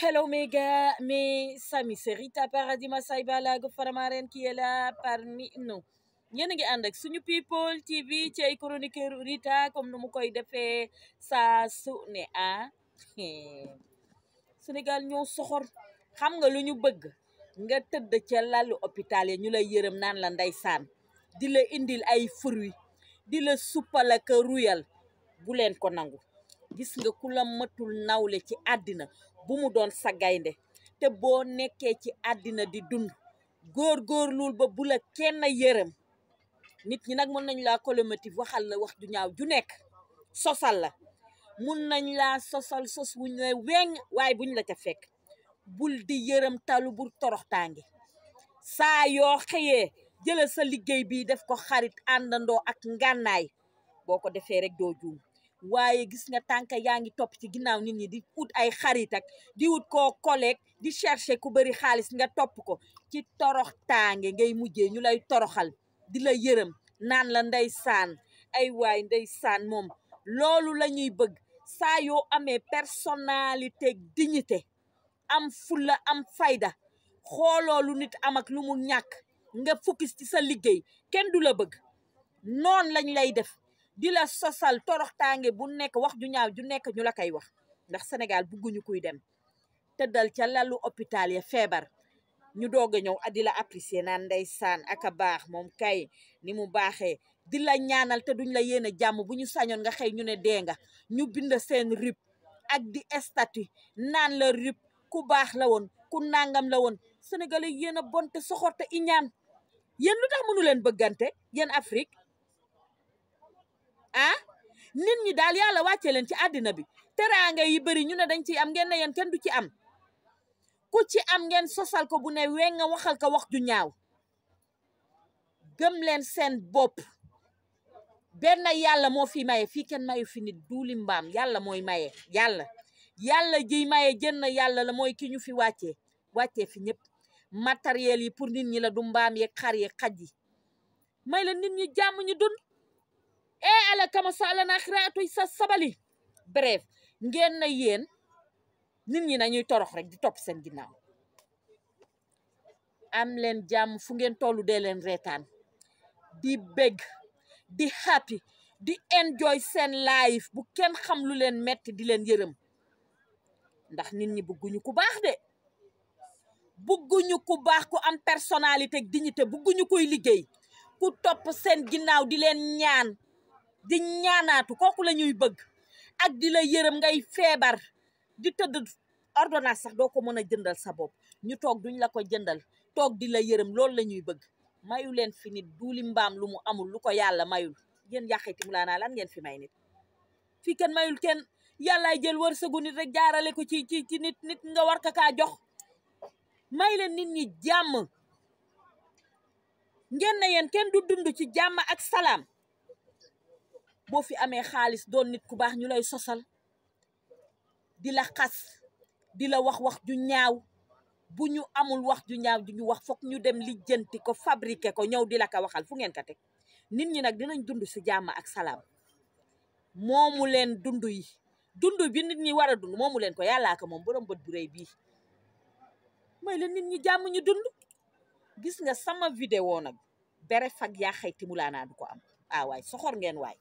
hello méga mais sami c'est Rita Paradis Massaye Balago Faramaren qui est là parmi nous yéen a ngi ànd ak suñu people TV ci ay chroniqueur Rita comme nu ma koy defee saa su ne ah Sénégal ñoo soxor xam nga lu ñu bëgg nga tëdd ca lalu hôpital ya ñu lay yërëm naan la ndeysaan di la indil ay fruits di la suppal ak ruyal bu leen ko nangu gis nga ku la matul nawle ci àddina bu mu doon sagaynde te boo nekkee ci àddina di dund góor góorlul ba bu la kenn yërëm nit ñi nag mën nañ laa colomotive waxal la wax du ñaaw ju nekk sosal la mun nañ laa sosal sos wuñ la weŋ waaye buñ la ca fekk bul di yërëm talu bul toroxtaange saa yoo xëyee jëlal sa liggéey bi def ko xarit àndandoo ak gànnaay boo ko defee rek doo juum waaye gis nga tànk yaa ngi topp ci ginnaaw nit ñi di ut ay xarit ak di ut koo collègue di chercher ku bari xaalis nga topp ko ci torox tànge ngay mujje ñu lay toroxal di la yërëm naan la ndey saan ay waay ndey saan moom loolu la ñuy bëgg saa yoo amee personnalité dignité am fulla am fayda xooloo lu nit am ak lu mu ñàkk nga fukki ci sa liggéey kenn du la bëgg noonu lañu lay def di la sosal toroxtaange bu nekk wax ju ñaaw ju nekk ñu la koy wax ndax Sénégal bugguñu kuy dem te dal ca lalu hôpital ya feebar ñu doog a ñëw di la apprécier naan ndeysaan ak a baax moom kay ni mu baaxee di la ñaanal te duñ la yéen a jàmm bu ñu sañoon nga xëy ñu ne dee nga ñu bind seen RIP ak di statut naan la RIP ku baax la woon ku nangam la woon sénégalais yéen a bonte soxor te iñaan yéen lu tax mënu leen bëggante yéen Afrique ah nit ñi daal yàlla wàccee leen ci àddina bi teraanga yi bëri ñu ne dañ ci am ngeen ne yéen kenn du ci am ku ci am ngeen sosal ko bu ne wee nga waxal ko wax ju ñaaw gëm leen seen bopp benn yàlla moo fi maye fii kenn mayu fi nit duuli mbaam yàlla mooy maye yàlla yàlla ji maye jënn yàlla la mooy ki ñu fi wàccee wàccee fi ñëpp matériel yi pour nit ñi la du mbaam yeeg xar yeeg xaj yi may la nit ñi jàmm ñu dund e ala kama sa ala naa xiraatu sa bref ngeen na yéen nit ñi nañuy torox rek di topp seen ginnaaw am leen jàmm fu ngeen tollu dee leen reetaan di bég di happy di enjoy seen life bu kenn xam lu leen metti di leen yërëm ndax nit ñi bëgguñu ku baax de bëgguñu ku baax ku am personnalité ak dignité bëgguñu kuy liggéey ku topp seen ginnaaw di leen ñaan di ñaanaatu kooku la ñuy bëgg ak di la yërëm ngay feebar di tëdd ordonnance sax doo ko mën a jëndal sa bopp ñu toog duñ la ko jëndal toog di la yërëm loolu la ñuy bëgg mayu leen fi nit duuli mbaam lu mu amul lu ko yàlla mayul yéen yàqiti mu laa naa lan ngeen fi may nit fii kenn mayul kenn yàllaay jël wërsëgu nit rek jaarale ko ci ci ci nit nit nga war ka kaa jox may nit ñi jàmm ngeen na yéen kenn du dund ci jàmm ak salaam boo fi amee xaalis doon nit ku baax ñu lay sosal di la xas di la wax wax ju ñaaw bu ñu amul wax ju ñaaw ju ñu wax foog ñu dem lijjanti ko fabriquer ko ñëw di la ko waxal fu ngeen ko teg nit ñi nag dinañ dund si jàmm ak salaam moomu leen dund yi dund bi nit ñi war a moomu leen ko yàllaa ko moom borom bët bu rëy bii mooy la nit ñi jàmm ñu dund gis nga sama vidéo nag bere fag yaa xayti mulaanaa du ko am ah waay soxor ngeen waay